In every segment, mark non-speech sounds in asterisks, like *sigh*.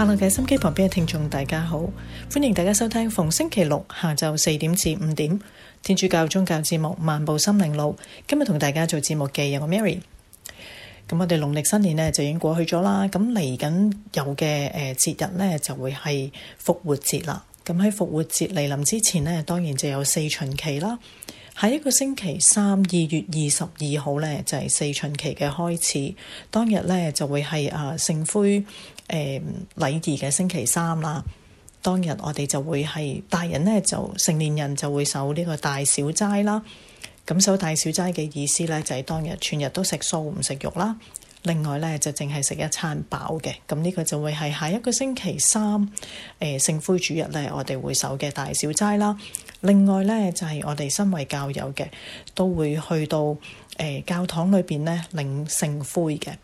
快樂嘅收音機旁邊嘅聽眾大家好，歡迎大家收聽逢星期六下晝四點至五點天主教宗教節目《漫步心靈路》。今日同大家做節目嘅有個 Mary。咁我哋農曆新年呢就已經過去咗啦，咁嚟緊有嘅誒節日呢就會係復活節啦。咁喺復活節嚟臨之前呢，當然就有四旬期啦。喺一個星期三二月二十二號呢就係四旬期嘅開始，當日呢就會係啊聖灰。誒禮儀嘅星期三啦，當日我哋就會係大人呢，就成年人就會守呢個大小齋啦。咁守大小齋嘅意思呢，就係當日全日都食素唔食肉啦。另外呢，就淨係食一餐飽嘅。咁、這、呢個就會係下一個星期三誒聖、呃、灰主日呢，我哋會守嘅大小齋啦。另外呢，就係我哋身為教友嘅，都會去到誒、呃、教堂裏邊呢，領聖灰嘅。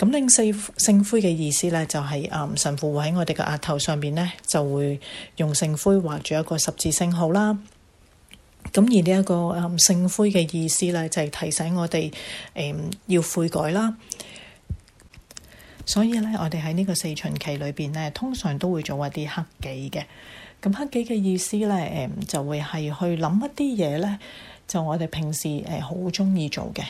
咁拎四聖灰嘅意思咧，就係、是嗯、神父會喺我哋嘅額頭上邊咧，就會用聖灰畫住一個十字聖號啦。咁而呢、這、一個、嗯、聖灰嘅意思咧，就係、是、提醒我哋誒、嗯、要悔改啦。所以咧，我哋喺呢個四旬期裏邊咧，通常都會做一啲黑記嘅。咁黑記嘅意思咧，誒、嗯、就會係去諗一啲嘢咧，就我哋平時誒好中意做嘅。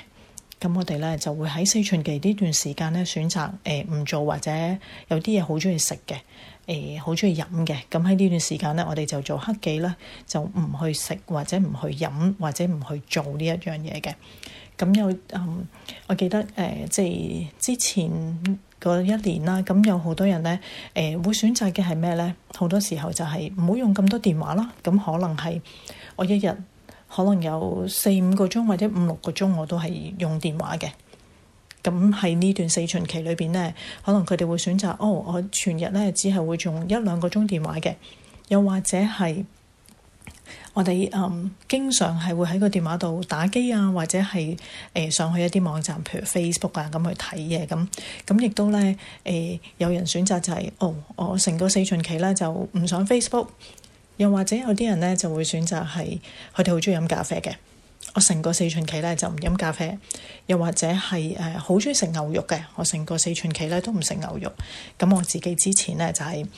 咁我哋咧，就會喺四旬期呢段時間咧，選擇誒唔、呃、做或者有啲嘢好鍾意食嘅，誒好鍾意飲嘅，咁喺呢段時間咧，我哋就做黑記，咧就唔去食或者唔去飲或者唔去做呢一樣嘢嘅。咁有啊、嗯，我記得誒，即、呃、係、就是、之前嗰一年啦，咁有好多人咧誒、呃、會選擇嘅係咩咧？好多時候就係唔好用咁多電話啦，咁可能係我一日。可能有四五個鐘或者五六個鐘，我都係用電話嘅。咁喺呢段四旬期裏邊呢，可能佢哋會選擇，哦，我全日呢只係會用一兩個鐘電話嘅，又或者係我哋嗯經常係會喺個電話度打機啊，或者係誒、呃、上去一啲網站，譬如 Facebook 啊咁去睇嘢咁。咁亦都呢，誒、呃、有人選擇就係、是，哦，我成個四旬期呢就唔上 Facebook。又或者有啲人咧就會選擇係佢哋好中意飲咖啡嘅，我成個四旬期咧就唔飲咖啡。又或者係誒好中意食牛肉嘅，我成個四旬期咧都唔食牛肉。咁我自己之前咧就係、是、誒、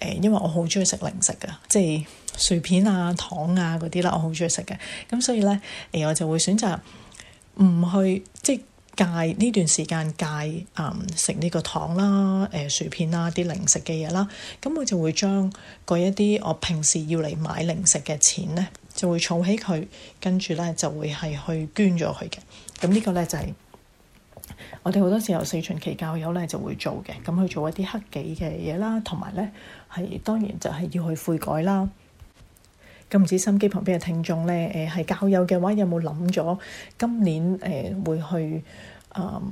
呃，因為我好中意食零食㗎，即係薯片啊、糖啊嗰啲啦，我好中意食嘅。咁所以咧，誒、呃、我就會選擇唔去即係。戒，呢段時間戒誒食呢個糖啦，誒、呃、薯片啦，啲零食嘅嘢啦。咁我就會將嗰一啲我平時要嚟買零食嘅錢咧，就會儲起佢，跟住咧就會係去捐咗佢嘅。咁呢個咧就係、是、我哋好多時候四旬期教友咧就會做嘅。咁去做一啲克己嘅嘢啦，同埋咧係當然就係要去悔改啦。咁唔知心機旁邊嘅聽眾咧，誒係教友嘅話，有冇諗咗今年誒、呃、會去誒、呃、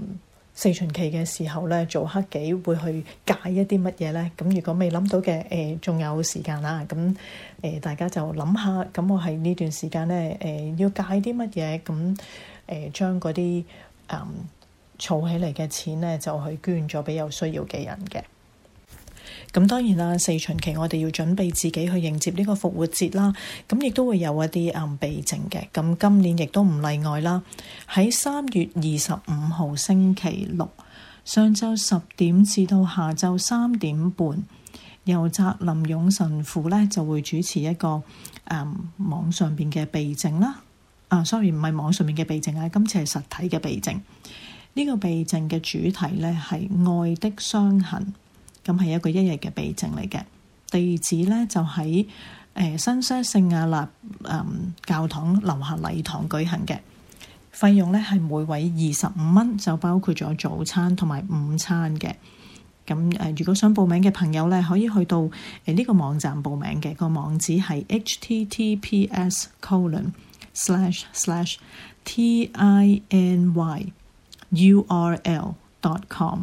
四旬期嘅時候咧做黑幾，會去戒一啲乜嘢咧？咁如果未諗到嘅誒，仲、呃、有時間啊，咁誒、呃、大家就諗下，咁我喺呢段時間咧誒、呃、要戒啲乜嘢，咁、呃、誒將嗰啲誒儲起嚟嘅錢咧就去捐咗俾有需要嘅人嘅。咁當然啦，四旬期我哋要準備自己去迎接呢個復活節啦。咁亦都會有一啲誒避靜嘅。咁今年亦都唔例外啦。喺三月二十五號星期六上晝十點至到下晝三點半，由澤林勇神父咧就會主持一個誒、嗯、網上邊嘅避靜啦。啊，sorry，唔係網上邊嘅避靜啊，今次係實體嘅避靜。呢、這個避靜嘅主題咧係愛的傷痕。咁係一個一日嘅備證嚟嘅，地址咧就喺誒、呃、新西聖亞納、呃、教堂樓下禮堂舉行嘅，費用咧係每位二十五蚊，就包括咗早餐同埋午餐嘅。咁、呃、誒，如果想報名嘅朋友咧，可以去到誒呢個網站報名嘅，個網址係 h t t p s colon slash slash t i n y u r l dot com。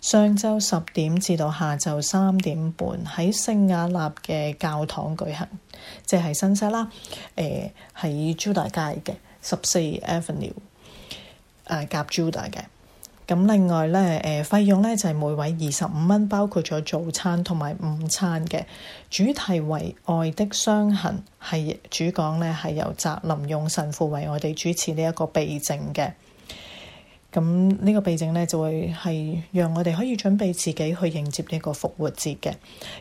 上晝十點至到下晝三點半喺聖雅納嘅教堂舉行，即係新西啦。誒、呃、喺 Juda 街嘅十四 Avenue，誒、啊、夾 Juda 嘅。咁、啊、另外咧誒、呃、費用咧就係、是、每位二十五蚊，包括咗早餐同埋午餐嘅。主題為愛的傷痕，係主講咧係由澤林用神父為我哋主持呢一個避靜嘅。咁呢個避靜呢，就會係讓我哋可以準備自己去迎接呢個復活節嘅。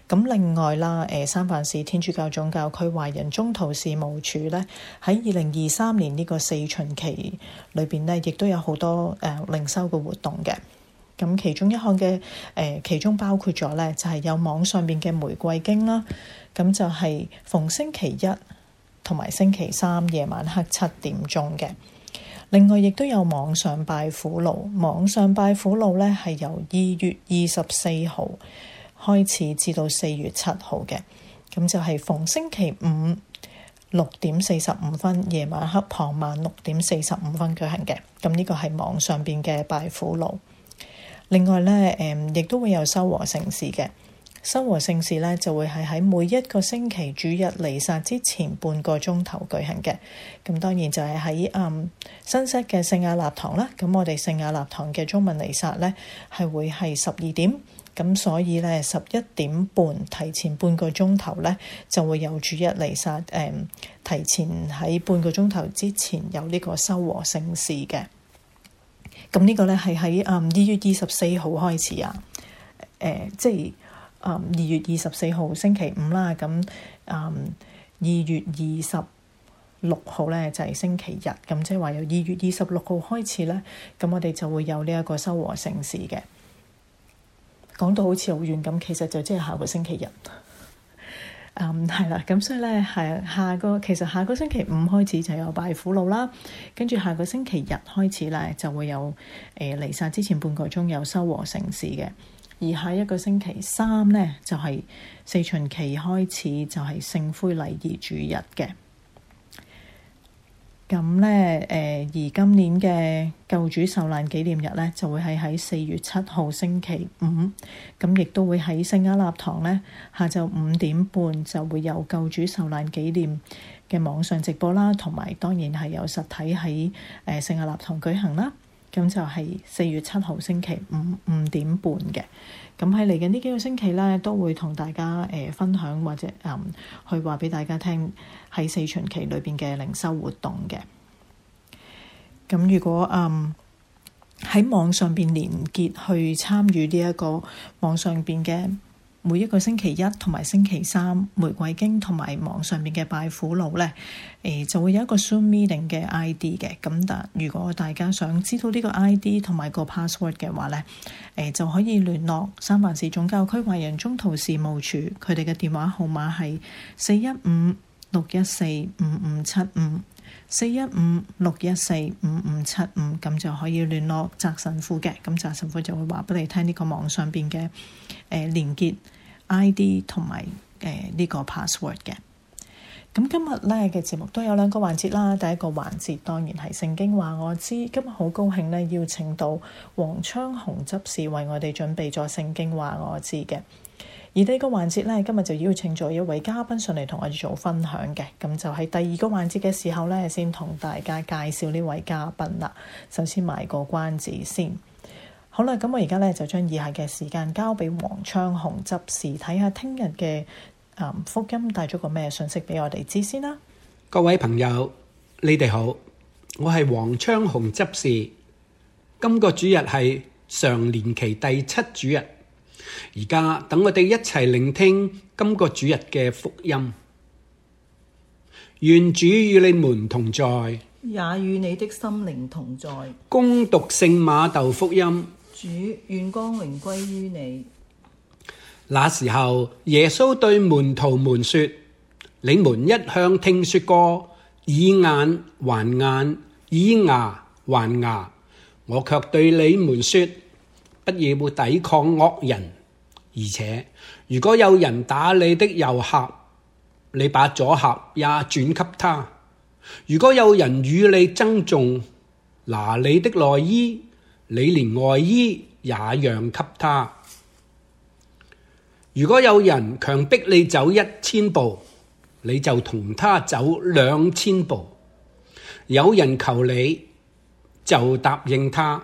咁另外啦，誒三藩市天主教總教區華人中途事務處呢，喺二零二三年呢個四旬期裏邊呢，亦都有好多誒靈修嘅活動嘅。咁其中一項嘅誒、呃，其中包括咗呢，就係、是、有網上邊嘅玫瑰經啦。咁就係逢星期一同埋星期三夜晚黑七點鐘嘅。另外，亦都有網上拜苦路。網上拜苦路咧，係由二月二十四號開始，至到四月七號嘅。咁就係逢星期五六點四十五分夜晚黑傍晚六點四十五分舉行嘅。咁呢個係網上邊嘅拜苦路。另外咧，誒、嗯、亦都會有修和城市嘅。修和聖事咧就會係喺每一個星期主日彌撒之前半個鐘頭舉行嘅，咁當然就係喺、嗯、新息嘅聖亞納堂啦。咁我哋聖亞納堂嘅中文彌撒咧係會係十二點，咁所以咧十一點半提前半個鐘頭咧就會有主日彌撒，誒、嗯、提前喺半個鐘頭之前有呢個修和聖事嘅。咁呢個咧係喺嗯二月二十四號開始啊，誒、呃、即係。二、um, 月二十四號星期五啦，咁啊，二、um, 月二十六號咧就係、是、星期日，咁即係話由二月二十六號開始咧，咁我哋就會有呢一個修和聖事嘅。講到好似好遠咁，其實就即係下個星期日。啊、 *laughs* 嗯，係啦，咁所以咧係下，下個其實下個星期五開始就有拜苦路啦，跟住下個星期日開始咧就會有誒彌撒之前半個鐘有修和聖事嘅。而下一個星期三呢，就係四旬期開始，就係聖灰禮儀主日嘅。咁呢，誒而今年嘅救主受難紀念日呢，就會係喺四月七號星期五。咁亦都會喺聖亞納堂呢。下晝五點半就會有救主受難紀念嘅網上直播啦，同埋當然係有實體喺誒聖亞納堂舉行啦。咁就係四月七號星期五五點半嘅，咁喺嚟緊呢幾個星期咧，都會同大家誒、呃、分享或者、嗯、去話俾大家聽喺四旬期裏邊嘅靈修活動嘅。咁如果嗯喺網上邊連結去參與呢一個網上邊嘅。每一個星期一，同埋星期三，玫瑰經同埋網上面嘅拜苦路呢，誒、呃、就會有一個 Zoom meeting 嘅 I D 嘅。咁但如果大家想知道呢個 I D 同埋個 password 嘅話呢，誒、呃、就可以聯絡三藩市總教區華人中途事務處，佢哋嘅電話號碼係四一五六一四五五七五四一五六一四五五七五，咁就可以聯絡宅神父嘅。咁宅神父就會話俾你聽呢個網上邊嘅誒連結。ID 同埋誒呢個 password 嘅，咁今日咧嘅節目都有兩個環節啦。第一個環節當然係《聖經話我知》，今日好高興咧邀請到黃昌雄執事為我哋準備咗《聖經話我知》嘅。而第二個環節咧，今日就邀請咗一位嘉賓上嚟同我哋做分享嘅。咁就喺第二個環節嘅時候咧，先同大家介紹呢位嘉賓啦。首先賣個關子先。好啦，咁我而家咧就將以下嘅時間交俾黃昌雄執事，睇下聽日嘅誒福音帶咗個咩信息俾我哋知先啦。各位朋友，你哋好，我係黃昌雄執事。今個主日係常年期第七主日，而家等我哋一齊聆聽今個主日嘅福音。願主與你們同在，也與你的心靈同在。恭讀聖馬竇福音。主願光榮歸於你。那時候，耶穌對門徒們說：你們一向聽說過以眼還眼，以牙還牙。我卻對你們說，不要抵抗惡人。而且，如果有人打你的右頰，你把左頰也轉給他；如果有人與你爭重，拿你的內衣。你連外衣也讓給他。如果有人強迫你走一千步，你就同他走兩千步。有人求你，就答應他；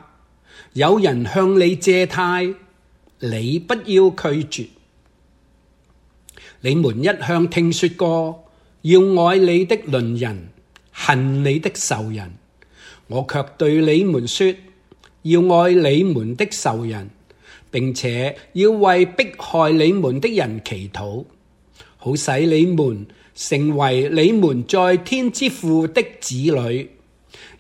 有人向你借貸，你不要拒絕。你們一向聽說過要愛你的鄰人，恨你的仇人，我卻對你們說。要愛你們的仇人，並且要為迫害你們的人祈禱，好使你們成為你們在天之父的子女。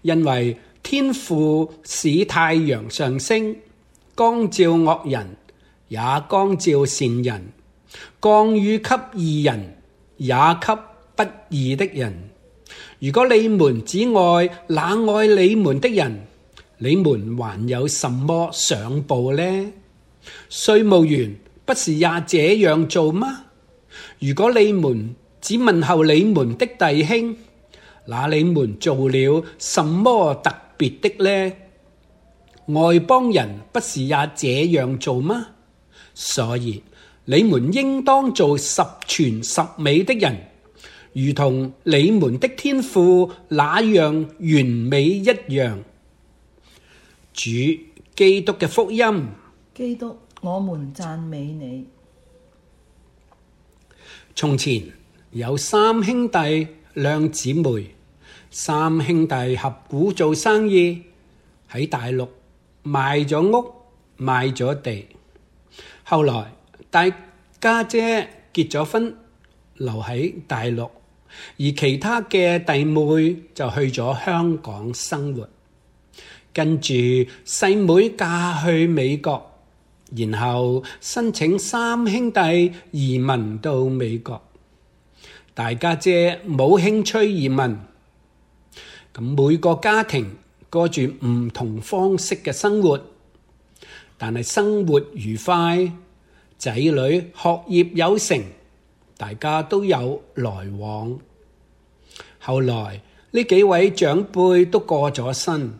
因為天父使太陽上升，光照惡人，也光照善人；降雨給義人，也給不義的人。如果你們只愛那愛你們的人，你們還有什麼想報呢？稅務員不是也這樣做嗎？如果你們只問候你們的弟兄，那你們做了什麼特別的呢？外邦人不是也這樣做嗎？所以你們應當做十全十美的人，如同你們的天父那樣完美一樣。主基督嘅福音，基督，我們讚美你。從前有三兄弟兩姊妹，三兄弟合股做生意喺大陸賣咗屋，賣咗地，後來大家姐結咗婚留喺大陸，而其他嘅弟妹就去咗香港生活。跟住細妹嫁去美國，然後申請三兄弟移民到美國。大家姐冇興趣移民，咁每個家庭過住唔同方式嘅生活，但係生活愉快，仔女學業有成，大家都有來往。後來呢幾位長輩都過咗身。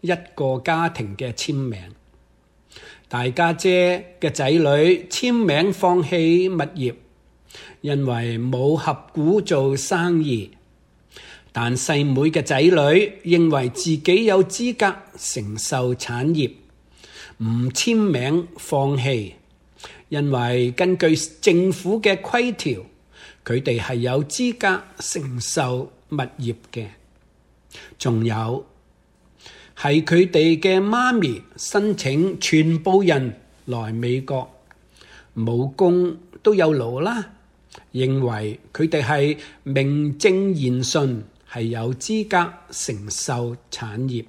一個家庭嘅簽名，大家姐嘅仔女簽名放棄物業，因為冇合股做生意；但細妹嘅仔女認為自己有資格承受產業，唔簽名放棄，因為根據政府嘅規條，佢哋係有資格承受物業嘅。仲有。係佢哋嘅媽咪申請全部人來美國，冇功都有勞啦。認為佢哋係名正言順，係有資格承受產業。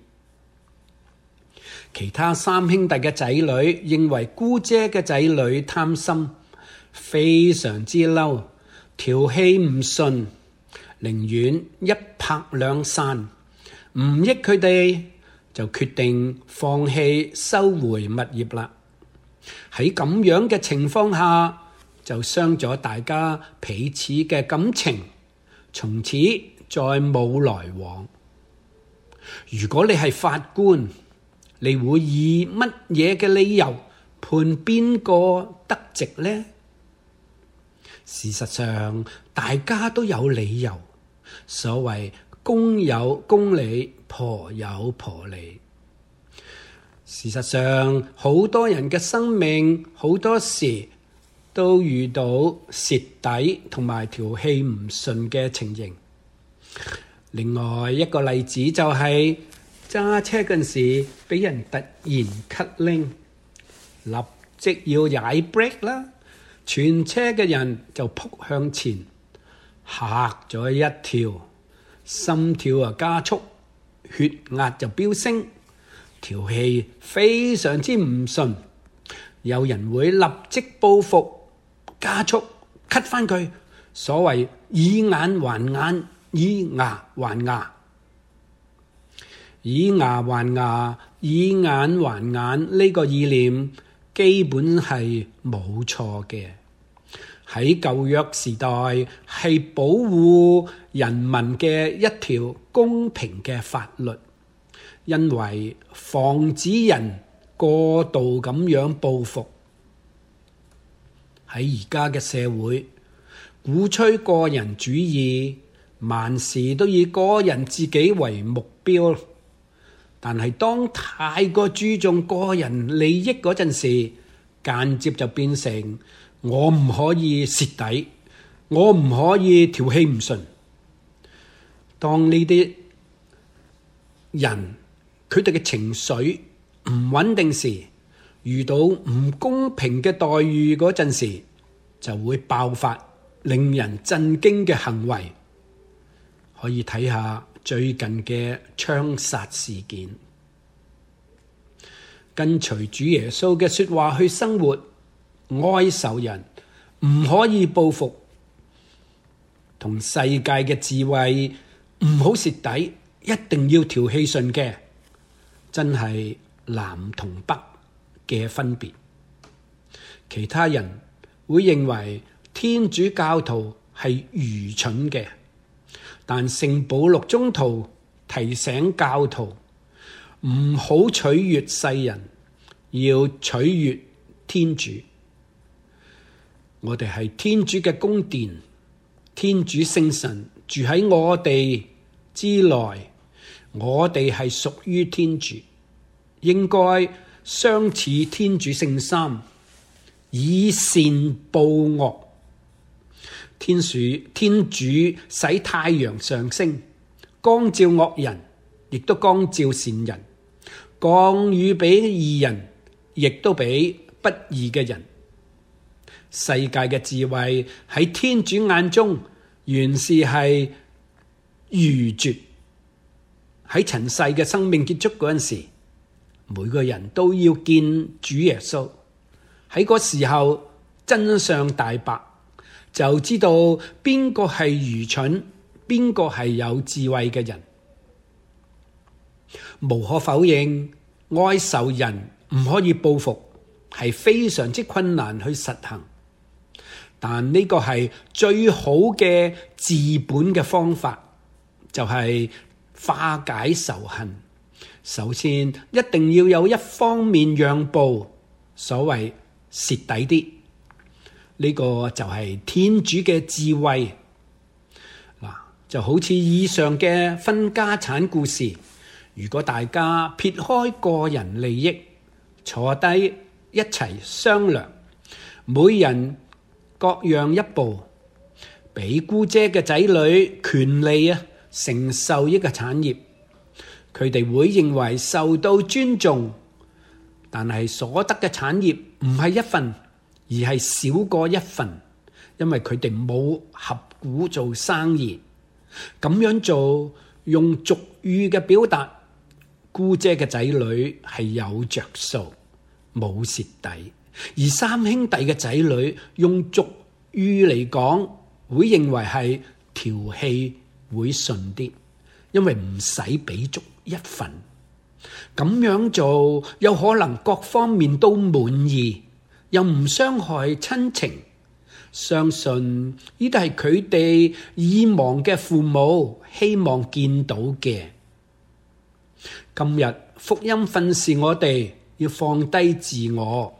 其他三兄弟嘅仔女認為姑姐嘅仔女貪心，非常之嬲，條氣唔順，寧願一拍兩散，唔益佢哋。就決定放棄收回物業啦。喺咁樣嘅情況下，就傷咗大家彼此嘅感情，從此再冇來往。如果你係法官，你會以乜嘢嘅理由判邊個得直呢？事實上，大家都有理由。所謂公有公理。婆有婆理，事實上好多人嘅生命好多時都遇到蝕底同埋條氣唔順嘅情形。另外一個例子就係揸車嗰陣時，俾人突然咳拎，立即要踩 brake 啦，全車嘅人就撲向前，嚇咗一跳，心跳啊加速。血壓就飆升，條氣非常之唔順，有人會立即報復，加速 cut 翻佢。所謂以眼還眼，以牙還牙，以牙還牙，以眼還眼呢個意念，基本係冇錯嘅。喺舊約時代係保護人民嘅一條公平嘅法律，因為防止人過度咁樣報復。喺而家嘅社會鼓吹個人主義，萬事都以個人自己為目標，但係當太過注重個人利益嗰陣時，間接就變成。我唔可以蝕底，我唔可以調氣唔順。當呢啲人，佢哋嘅情緒唔穩定時，遇到唔公平嘅待遇嗰陣時，就會爆發令人震驚嘅行為。可以睇下最近嘅槍殺事件。跟隨主耶穌嘅說話去生活。愛仇人唔可以報復，同世界嘅智慧唔好蝕底，一定要調氣順嘅。真係南同北嘅分別。其他人會認為天主教徒係愚蠢嘅，但聖保祿宗徒提醒教徒唔好取悅世人，要取悅天主。我哋係天主嘅宮殿，天主聖神住喺我哋之內，我哋係屬於天主，應該相似天主聖心，以善報惡。天主使太陽上升，光照惡人，亦都光照善人，降雨畀義人，亦都畀不義嘅人。世界嘅智慧喺天主眼中原是係愚拙。喺塵世嘅生命結束嗰陣時，每個人都要見主耶穌。喺嗰時候真相大白，就知道邊個係愚蠢，邊個係有智慧嘅人。無可否認，愛仇人唔可以報復，係非常之困難去實行。但呢個係最好嘅治本嘅方法，就係化解仇恨。首先一定要有一方面讓步，所謂蝕底啲。呢個就係天主嘅智慧。嗱，就好似以上嘅分家產故事，如果大家撇開個人利益，坐低一齊商量，每人，各讓一步，俾姑姐嘅仔女權利啊，承受呢個產業，佢哋會認為受到尊重，但係所得嘅產業唔係一份，而係少過一份，因為佢哋冇合股做生意。咁樣做，用俗語嘅表達，姑姐嘅仔女係有着數，冇蝕底。而三兄弟嘅仔女用俗語嚟講，會認為係條氣會順啲，因為唔使畀足一份。咁樣做有可能各方面都滿意，又唔傷害親情。相信呢啲係佢哋已亡嘅父母希望見到嘅。今日福音訓示我哋要放低自我。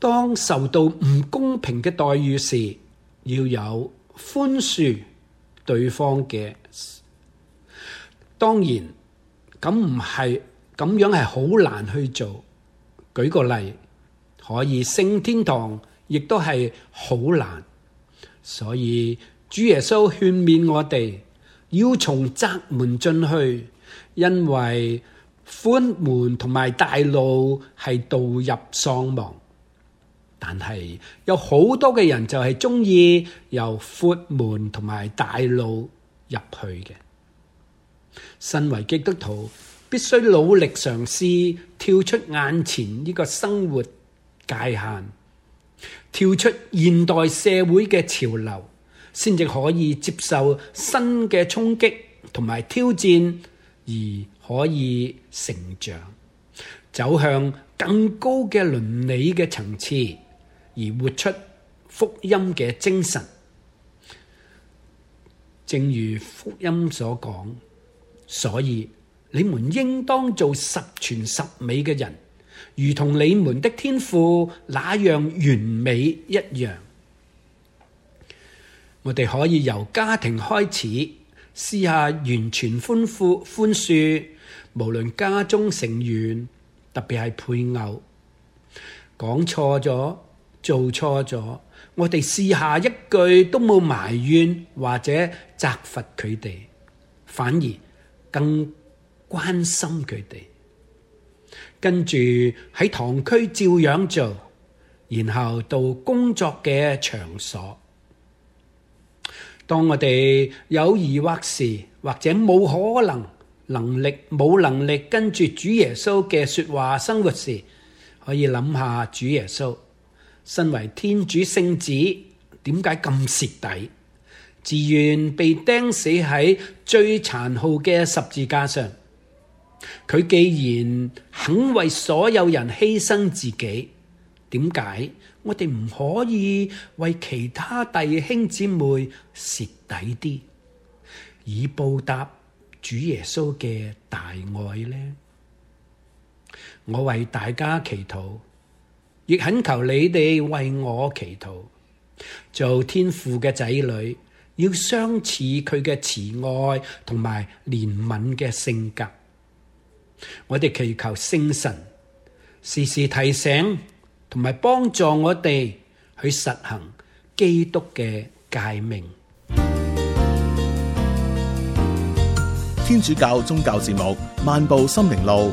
當受到唔公平嘅待遇時，要有寬恕對方嘅。當然，咁唔係，咁樣係好難去做。舉個例，可以升天堂，亦都係好難。所以主耶穌勸勉我哋要從窄門進去，因為寬門同埋大路係導入喪亡。但係有好多嘅人就係鍾意由闊門同埋大路入去嘅。身為基督徒，必須努力嘗試跳出眼前呢個生活界限，跳出現代社會嘅潮流，先至可以接受新嘅衝擊同埋挑戰，而可以成長，走向更高嘅倫理嘅層次。而活出福音嘅精神，正如福音所講，所以你們應當做十全十美嘅人，如同你們的天父那樣完美一樣。我哋可以由家庭開始，試下完全寬恕，寬恕，無論家中成員，特別係配偶，講錯咗。做錯咗，我哋試下一句都冇埋怨或者責罰佢哋，反而更關心佢哋。跟住喺堂區照樣做，然後到工作嘅場所。當我哋有疑惑時，或者冇可能能力，冇能力跟住主耶穌嘅説話生活時，可以諗下主耶穌。身為天主聖子，點解咁蝕底？自願被釘死喺最殘酷嘅十字架上，佢既然肯為所有人犧牲自己，點解我哋唔可以為其他弟兄姊妹蝕底啲，以報答主耶穌嘅大愛呢？我為大家祈禱。亦懇求你哋為我祈禱，做天父嘅仔女，要相似佢嘅慈愛同埋憐憫嘅性格。我哋祈求聖神時時提醒同埋幫助我哋去實行基督嘅誡命。天主教宗教節目《漫步心靈路》。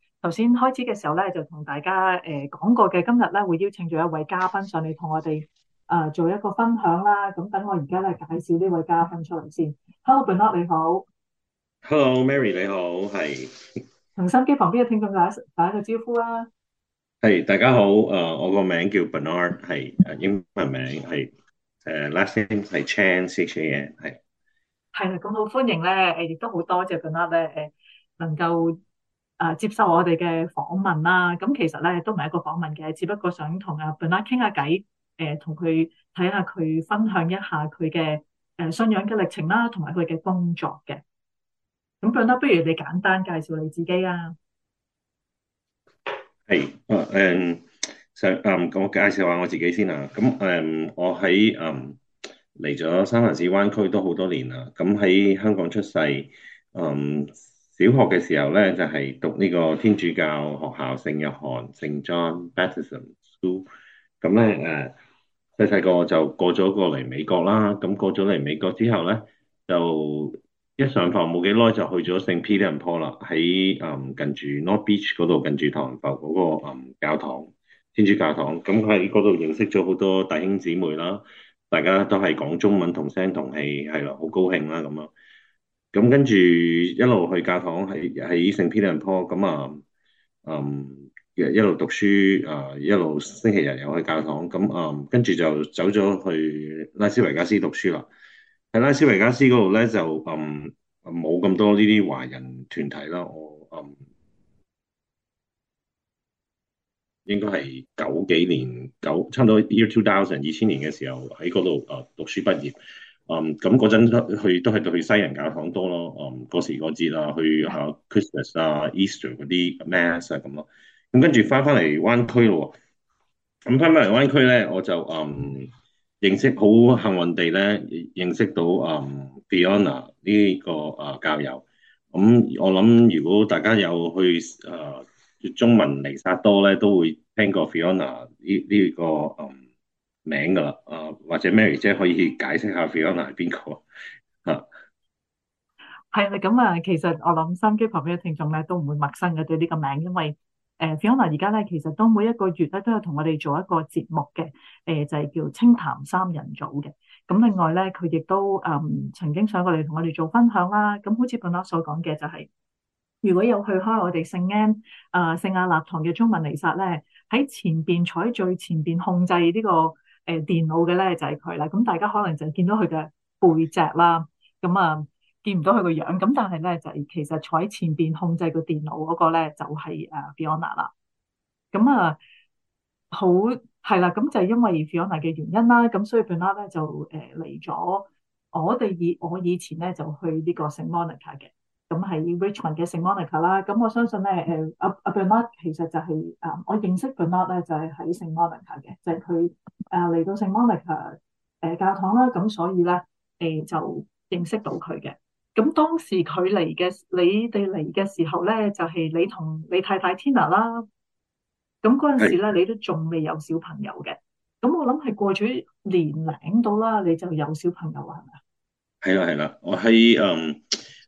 頭先開始嘅時候咧，就同大家誒講、欸、過嘅，今日咧會邀請咗一位嘉賓上嚟同我哋啊、呃、做一個分享啦。咁等我而家咧介紹呢位嘉賓出嚟先。Hello Bernard 你好，Hello Mary 你好，係同收機旁邊嘅聽眾打打一個招呼啦、啊。係、hey, 大家好，誒、uh, 我個名叫 Bernard，係誒英文名係誒、uh, last name 係 Chan，C H A N 係。係啦，咁好歡迎咧，誒亦都好多謝 Bernard 咧，誒能夠。啊！接受我哋嘅訪問啦，咁其實咧都唔係一個訪問嘅，只不過想同阿 Ben 啊傾下偈，誒同佢睇下佢分享一下佢嘅誒信仰嘅歷程啦，同埋佢嘅工作嘅。咁 Ben 啊，不如你簡單介紹你自己啊。係，誒上，嗯，咁我介紹下我自己先啊。咁誒，um, 我喺嗯嚟咗三藩市灣區都好多年啦。咁喺香港出世，嗯、um,。小學嘅時候咧，就係、是、讀呢個天主教學校，聖日翰、聖 John School、Baptist School。咁咧誒，細細個就過咗過嚟美國啦。咁過咗嚟美國之後咧，就一上課冇幾耐就去咗聖 Peter and Paul 啦，喺、嗯、誒近住 North Beach 嗰度，近住唐人埠嗰、那個、嗯、教堂，天主教堂。咁佢喺嗰度認識咗好多弟兄姊妹啦，大家都係講中文同聲同氣，係啦，好高興啦咁樣！咁跟住一路去教堂，喺喺聖彼得坡。咁啊，嗯，一路讀書啊，一路星期日又去教堂。咁、嗯、啊，跟住就走咗去拉斯維加斯讀書啦。喺拉斯維加斯嗰度咧，就嗯冇咁多呢啲華人團體啦。我嗯應該係九幾年九差唔多 two thousand 二千年嘅時候喺嗰度啊讀書畢業。嗯，咁嗰陣去都係到去西人教堂多咯。嗯，過時過節啊，去吓 Christmas 啊、Easter 嗰啲 Mass 啊咁咯。咁跟住翻翻嚟灣區咯。咁翻翻嚟灣區咧，我就嗯認識好幸運地咧，認識到嗯 Fiona 呢、這個啊教友。咁、嗯、我諗如果大家有去誒、呃、中文彌撒多咧，都會聽過 Fiona 呢、這、呢個嗯。名噶啦，誒、呃、或者 Mary 姐可以解釋下 Fiona 係邊個啊？係啊，咁啊、嗯，其實我諗三居旁邊嘅聽眾咧都唔會陌生嘅對呢個名，因為誒呃、Fiona 而家咧其實都每一個月咧都有同我哋做一個節目嘅，誒、呃、就係、是、叫清談三人組嘅。咁、嗯、另外咧，佢亦都誒、嗯、曾經上過嚟，同我哋做分享啦。咁、嗯、好似本拉所講嘅就係、是，如果有去開我哋聖安誒聖亞納堂嘅中文彌撒咧，喺前邊坐最前邊控制呢、這個。誒、呃、電腦嘅咧就係佢啦。咁大家可能就見到佢嘅背脊啦，咁啊見唔到佢個樣。咁、啊、但係咧就是、其實坐喺前邊控制個電腦嗰個咧就係、是、誒、啊、Fiona 啦。咁啊好係啦，咁、嗯、就是、因為 Fiona 嘅原因啦，咁、啊、所以 Bernard 咧就誒嚟咗。啊、我哋以我以前咧就去呢個聖 Monica 嘅，咁係 Richmond 嘅聖 Monica 啦。咁我相信咧誒阿阿 Bernard 其實就係、是、啊我認識 Bernard 咧就係喺聖 Monica 嘅，就係、是、佢。就是誒，嚟到聖安妮誒誒教堂啦，咁所以咧誒就認識到佢嘅。咁當時佢嚟嘅，你哋嚟嘅時候咧，就係你同你太太 Tina 啦。咁嗰陣時咧，你都仲未有小朋友嘅。咁我諗係過咗年齡到啦，你就有小朋友啦係咪啊？係啦，係啦，我喺誒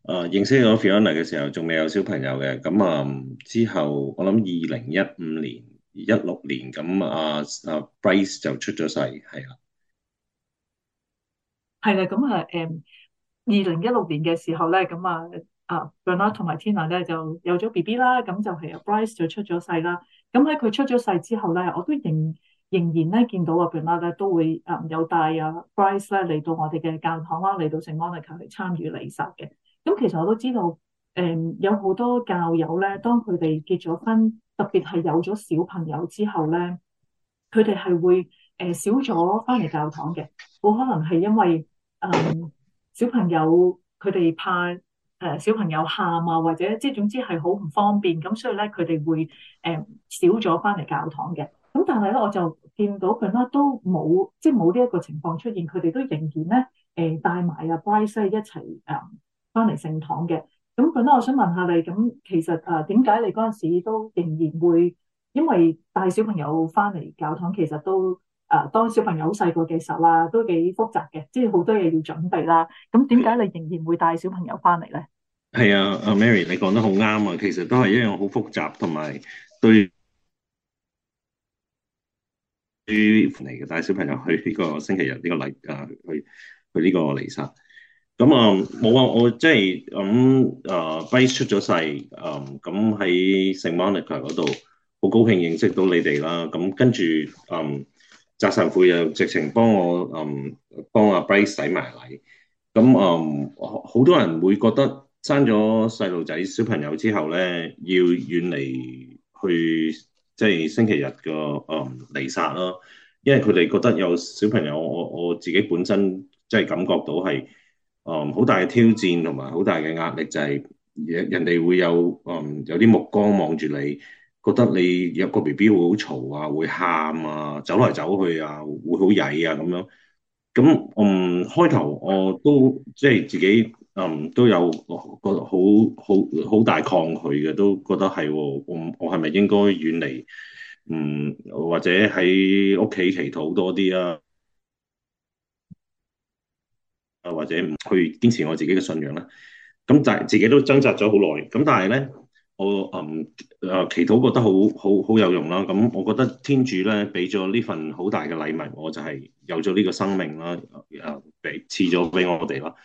誒認識咗 Fiona 嘅時候，仲未有小朋友嘅。咁啊之後，我諗二零一五年。一六年咁啊、uh, uh, uh, uh, 啊 Bryce 就出咗世了，係啦，係啦，咁啊誒二零一六年嘅時候咧，咁啊啊 Bruna 同埋 Tina 咧就有咗 BB 啦，咁就係啊 Bryce 就出咗世啦。咁喺佢出咗世之後咧，我都仍仍然咧見到啊 Bruna 咧都會誒、呃、有帶啊 Bryce 咧嚟到我哋嘅教堂啦，嚟到聖安德烈嚟參與禮拜嘅。咁其實我都知道。誒、嗯，有好多教友咧，當佢哋結咗婚，特別係有咗小朋友之後咧，佢哋係會誒、呃、少咗翻嚟教堂嘅。好可能係因為誒、嗯、小朋友，佢哋怕誒、呃、小朋友喊啊，或者即係總之係好唔方便，咁所以咧佢哋會誒、呃、少咗翻嚟教堂嘅。咁但係咧，我就見到佢咧都冇即係冇呢一個情況出現，佢哋都仍然咧誒帶、呃、埋阿 Bryce 一齊誒翻嚟聖堂嘅。咁，咁咧，我想問下你，咁其實誒，點解你嗰陣時都仍然會，因為帶小朋友翻嚟教堂，其實都誒，當小朋友好細個嘅時候啦，都幾複雜嘅，即係好多嘢要準備啦。咁點解你仍然會帶小朋友翻嚟咧？係啊，阿 Mary，你講得好啱啊，其實都係一樣好複雜，同埋對於嚟嘅帶小朋友去呢個星期日呢個禮誒，去去呢個彌撒。咁啊，冇啊、嗯，我即係咁啊 Bray 出咗世，嗯，咁喺聖 Monica 嗰度，好、嗯、高興認識到你哋啦。咁跟住，嗯，澤、嗯、神父又直情幫我，嗯，幫阿 Bray 洗埋禮。咁嗯，好、嗯、多人會覺得生咗細路仔、小朋友之後咧，要遠離去，即、就、係、是、星期日個，嗯，彌撒啦。因為佢哋覺得有小朋友，我我自己本身即係感覺到係。嗯，好、um, 大嘅挑戰同埋好大嘅壓力，就係、是、人哋會有嗯、um, 有啲目光望住你，覺得你有個 BB 會好嘈啊，會喊啊，走嚟走去啊，會好曳啊咁樣。咁嗯開頭我都即係自己嗯、um, 都有覺得好好好大抗拒嘅，都覺得係、哦、我我係咪應該遠離嗯或者喺屋企祈禱多啲啊？啊，或者唔去堅持我自己嘅信仰啦，咁但係自己都掙扎咗好耐，咁但係咧，我嗯誒、呃、祈禱覺得好好好有用啦，咁我覺得天主咧俾咗呢份好大嘅禮物，我就係有咗呢個生命啦，誒俾賜咗俾我哋咯，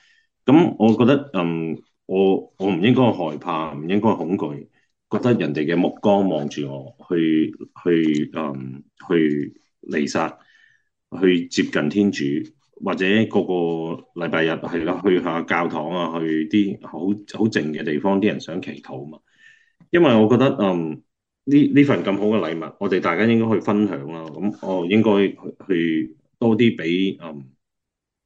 咁我覺得嗯、呃、我我唔應該害怕，唔應該恐懼，覺得人哋嘅目光望住我去去誒、呃、去彌撒，去接近天主。或者個個禮拜日係咯，去下教堂啊，去啲好好靜嘅地方，啲人想祈禱嘛。因為我覺得嗯呢呢份咁好嘅禮物，我哋大家應該去分享啦。咁、嗯、我應該去多啲俾啊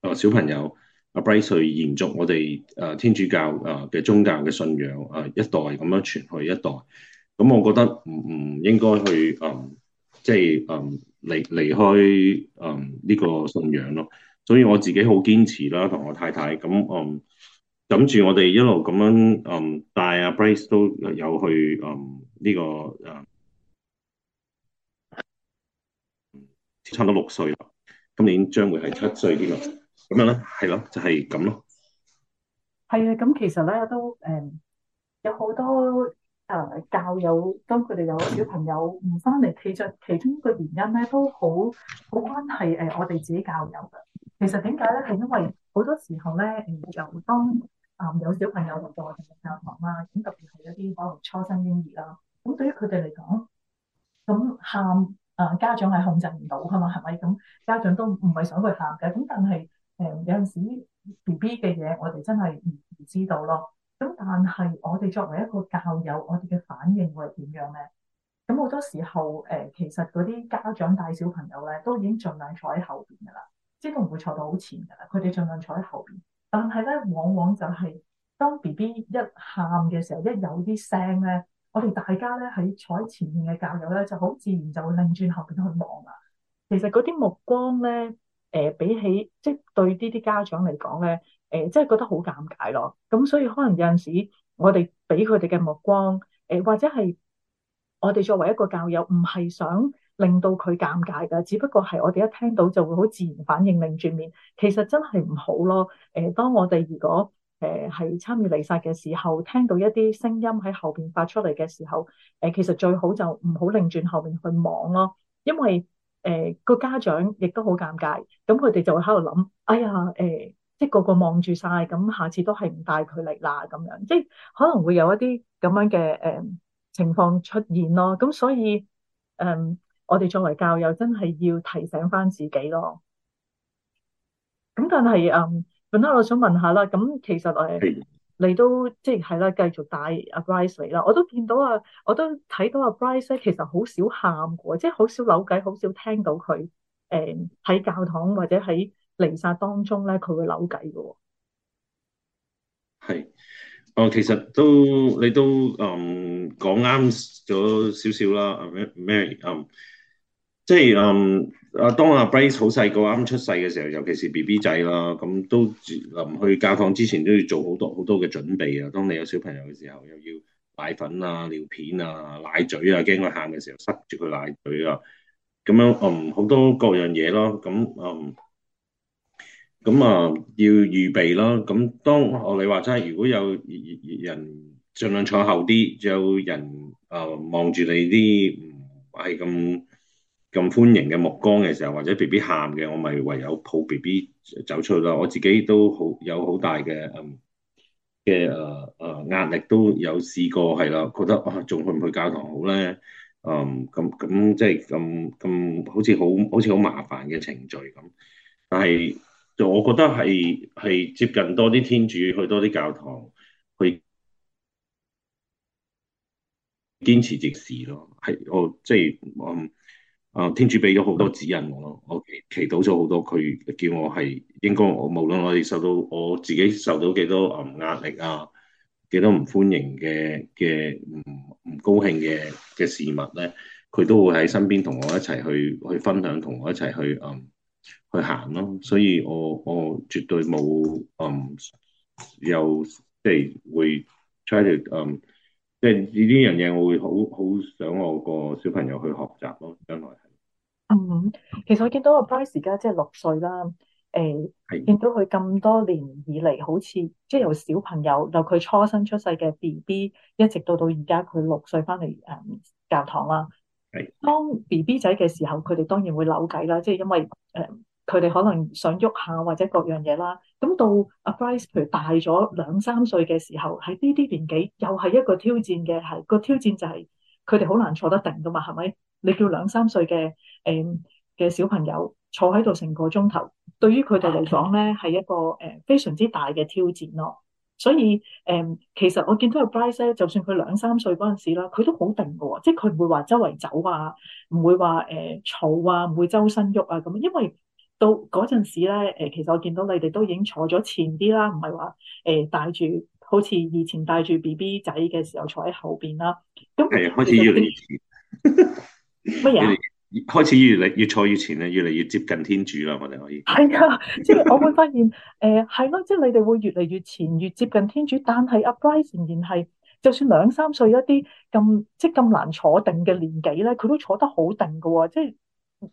啊小朋友阿 Brace 去延續我哋啊天主教啊嘅宗教嘅信仰啊一代咁樣傳去一代。咁、嗯、我覺得唔唔應該去嗯即係嗯離離開嗯呢個信仰咯。所以我自己好堅持啦，同我太太咁，嗯，諗住我哋一路咁樣，嗯，帶阿 Brace 都有去，嗯，呢個誒、嗯，差唔多六歲啦，今年將會係七歲添啦。咁樣咧，係咯，就係咁咯。係、嗯、啊，咁其實咧都誒，有好多誒教友，當佢哋有小朋友唔翻嚟其實，其中一個原因咧，都好好關係誒，我哋自己教友噶。其實點解咧？係因為好多時候咧，由當啊、嗯、有小朋友到我哋嘅教堂啦，咁、嗯、特別係一啲可能初生嬰兒啦。咁、嗯、對於佢哋嚟講，咁喊啊家長係控制唔到噶嘛？係咪咁？家長都唔係想佢喊嘅。咁、嗯、但係誒、嗯、有陣時 B B 嘅嘢，寶寶我哋真係唔唔知道咯。咁、嗯、但係我哋作為一個教友，我哋嘅反應會係點樣咧？咁、嗯、好多時候誒、呃，其實嗰啲家長帶小朋友咧都已經儘量坐喺後邊噶啦。即係都唔會坐到好前㗎啦，佢哋儘量坐喺後邊。但係咧，往往就係當 B B 一喊嘅時候，一有啲聲咧，我哋大家咧喺坐喺前面嘅教友咧，就好自然就會擰轉後邊去望啦。其實嗰啲目光咧，誒、呃、比起即係對呢啲家長嚟講咧，誒即係覺得好尷尬咯。咁所以可能有陣時，我哋俾佢哋嘅目光，誒、呃、或者係我哋作為一個教友，唔係想。令到佢尷尬噶，只不過係我哋一聽到就會好自然反應，擰轉面。其實真係唔好咯。誒，當我哋如果誒係、呃、參與離散嘅時候，聽到一啲聲音喺後邊發出嚟嘅時候，誒、呃、其實最好就唔好擰轉後邊去望咯。因為誒個、呃、家長亦都好尷尬，咁佢哋就會喺度諗：哎呀，誒、呃、即係個個望住晒，咁下次都係唔帶佢嚟啦。咁樣即係可能會有一啲咁樣嘅誒、呃、情況出現咯。咁所以誒、呃我哋作為教友，真係要提醒翻自己咯。咁但係，是嗯 Vanessa 我想問下啦。咁其實誒，是你都即係係啦，繼續帶阿 Bryce 嚟啦。我都見到啊，我都睇到阿 Bryce 其實好少喊㗎，即係好少扭計，好少聽到佢誒喺教堂或者喺彌撒當中咧，佢會扭計㗎。係。哦，其實都你都嗯講啱咗少少啦，啊咩咩嗯，即係嗯阿當阿 Brace 好細個啱出世嘅時候，尤其是 BB 仔啦，咁都臨去教堂之前都要做好多好多嘅準備啊。當你有小朋友嘅時候，又要奶粉啊、尿片啊、奶嘴啊，驚佢喊嘅時候塞住佢奶嘴啊，咁樣嗯好多各樣嘢咯，咁嗯。咁啊，要預備咯。咁當我你話齋，如果有人盡量坐後啲，有人啊望住你啲唔係咁咁歡迎嘅目光嘅時候，或者 B B 喊嘅，我咪唯有抱 B B 走出去咯。我自己都好有好大嘅嘅誒誒壓力，都有試過係啦，覺得啊，仲去唔去教堂好咧？嗯，咁咁即係咁咁好似好好似好麻煩嘅程序咁，但係。嗯。就我覺得係係接近多啲天主，去多啲教堂，去堅持自己咯。係我即係我啊，天主俾咗好多指引我咯。我祈禱咗好多，佢叫我係應該我，我無論我哋受到我自己受到幾多嗯壓力啊，幾多唔歡迎嘅嘅唔唔高興嘅嘅事物咧，佢都會喺身邊同我一齊去去分享，同我一齊去嗯。去行咯、啊，所以我我絕對冇嗯有即係會 try to, 嗯即係呢啲樣嘢，我會好好想我個小朋友去學習咯、啊，將來係。嗯，其實我見到阿 Brice 而家即係六歲啦，誒、欸，係見到佢咁多年以嚟，好似即係由小朋友由佢初生出世嘅 B B，一直到到而家佢六歲，翻嚟誒教堂啦。當 B B 仔嘅時候，佢哋當然會扭計啦，即係因為誒，佢、呃、哋可能想喐下或者各樣嘢啦。咁到阿 Fries 譬如大咗兩三歲嘅時候，喺呢啲年紀又係一個挑戰嘅係個挑戰就係佢哋好難坐得定噶嘛，係咪？你叫兩三歲嘅誒嘅小朋友坐喺度成個鐘頭，對於佢哋嚟講咧係一個誒、呃、非常之大嘅挑戰咯。所以誒，其實我見到阿 Bryce 咧，就算佢兩三歲嗰陣時啦，佢都好定嘅喎，即係佢唔會話周圍走啊，唔會話誒、呃、坐啊，唔會周身喐啊咁。因為到嗰陣時咧，誒、呃、其實我見到你哋都已經坐咗前啲啦，唔係話誒帶住好似以前帶住 B B 仔嘅時候坐喺後邊啦。咁係開始越嚟越咩嘢？開始越嚟越坐越前咧，越嚟越接近天主啦。我哋可以係啊， *laughs* 即係我會發現，誒係咯，即係你哋會越嚟越前，越接近天主。但係阿 Brian 仍然係，就算兩三歲一啲咁即係咁難坐定嘅年紀咧，佢都坐得好定噶。即係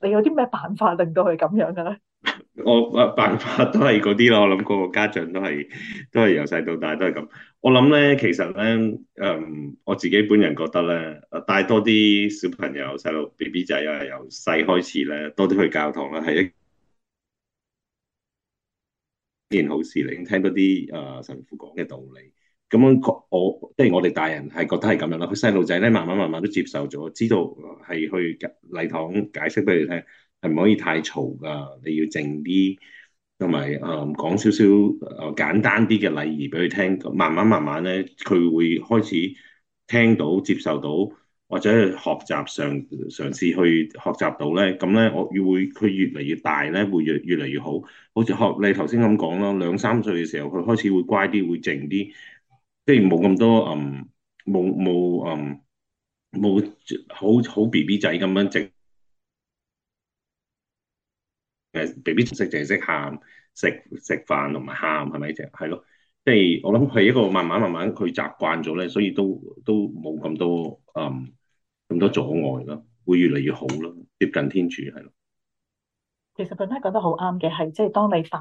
你有啲咩辦法令到佢咁樣嘅咧？ *laughs* 我辦法都係嗰啲咯，我諗個個家長都係都係由細到大都係咁。我諗咧，其實咧，誒、嗯，我自己本人覺得咧，誒，帶多啲小朋友、細路、B B 仔啊，由細開始咧，多啲去教堂啦，係一件好事嚟。聽多啲誒神父講嘅道理，咁、那、樣、個、我即係我哋大人係覺得係咁樣啦。佢細路仔咧，慢慢慢慢都接受咗，知道係去禮堂解釋俾你聽。係唔可以太嘈噶，你要靜啲，同埋誒講少少誒簡單啲嘅禮儀俾佢聽，慢慢慢慢咧，佢會開始聽到、接受到，或者學習嘗嘗試去學習到咧。咁咧，我越會佢越嚟越大咧，會越越嚟越好。好似學你頭先咁講咯，兩三歲嘅時候，佢開始會乖啲，會靜啲，即係冇咁多誒，冇冇誒，冇、嗯、好好 B B 仔咁樣靜。誒，B B 食淨係識喊，食食飯同埋喊，係咪啫？係咯，即係我諗係一個慢慢慢慢佢習慣咗咧，所以都都冇咁多嗯咁多阻礙咯，會越嚟越好咯，接近天主係咯。其實俊輝講得好啱嘅，係即係當你大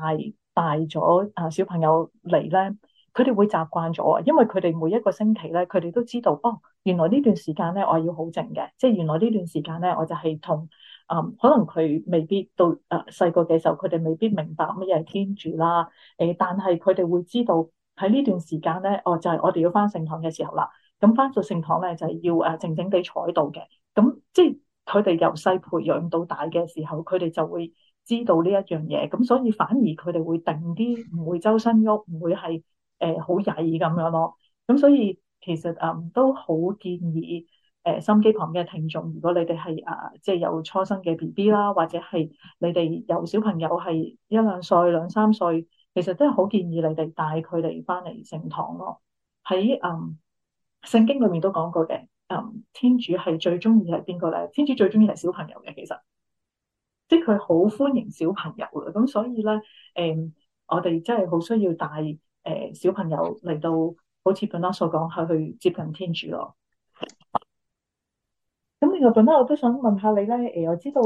大咗啊，小朋友嚟咧，佢哋會習慣咗啊，因為佢哋每一個星期咧，佢哋都知道哦，原來呢段時間咧我要好靜嘅，即係原來呢段時間咧我就係同。啊、嗯，可能佢未必到啊，細個嘅時候佢哋未必明白乜嘢係天主啦。誒、呃，但係佢哋會知道喺呢段時間咧，哦，就係、是、我哋要返聖堂嘅時候啦。咁、嗯、返到聖堂咧，就係、是、要誒、呃、靜靜地坐喺度嘅。咁、嗯、即係佢哋由細培養到大嘅時候，佢哋就會知道呢一樣嘢。咁、嗯、所以反而佢哋會定啲，唔會周身喐，唔會係誒好曳咁樣咯。咁、嗯、所以其實啊、嗯，都好建議。誒、呃，心機旁嘅聽眾，如果你哋係啊，即係有初生嘅 B B 啦，或者係你哋有小朋友係一兩歲、兩三歲，其實都係好建議你哋帶佢哋翻嚟聖堂咯。喺嗯聖經裏面都講過嘅，嗯，天主係最中意係邊個咧？天主最中意係小朋友嘅，其實即係佢好歡迎小朋友嘅。咁所以咧，誒、嗯，我哋真係好需要帶誒、呃、小朋友嚟到，好似本拉所講，係去接近天主咯。最近咧，我都想問下你咧。誒，我知道